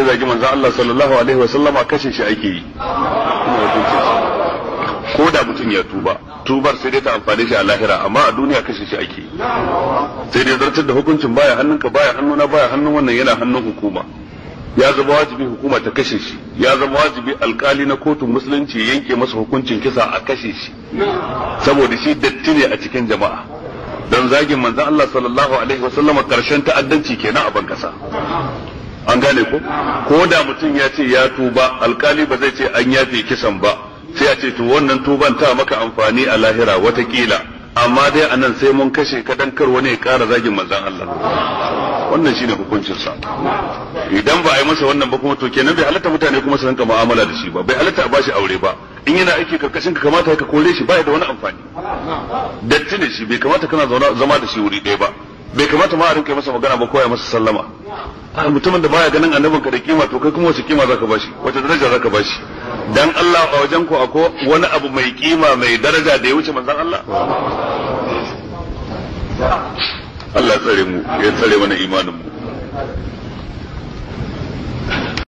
ya zagi manzon Allah sallallahu alaihi wasallama kashe shi ake yi ko da mutum ya tuba tubar sai dai ta amfani shi a lahira amma a duniya kashe shi ake sai dai zartar da hukuncin baya hannunka baya hannuna baya hannun wannan yana hannun hukuma ya zama wajibi hukuma ta kashe shi ya zama wajibi alkali na kotun musulunci yanke masa hukuncin kisa a kashe shi saboda shi datti ne a cikin jama'a dan zagin manzon Allah sallallahu alaihi wasallam karshen ta'addanci kenan a ban an gane ko ko da mutum ya ce ya tuba alkali ba zai ce an yafe kisan ba sai a ce to wannan tuban ta maka amfani a lahira watakila amma dai anan sai mun kashe ka dan kar wani ya kara zagin manzan Allah wannan shine hukuncin sa idan ba a yi masa wannan ba kuma to kenan bai halatta mutane kuma su rinka mu'amala da shi ba bai halatta a bashi aure ba in yana aiki karkashin ka kamata ka kore shi ba da wani amfani datti ne shi bai kamata kana zama da shi wuri ɗaya ba bai kamata ma a rinka masa magana ba ko ya masa sallama a mutumin da baya ganin annabin ka da kima to kai kuma wace kima zaka bashi wace daraja zaka bashi dan Allah a wajen ku ako wani abu mai kima mai daraja da ya wuce manzon Allah Allah tsare mu ya tsare mana imanin mu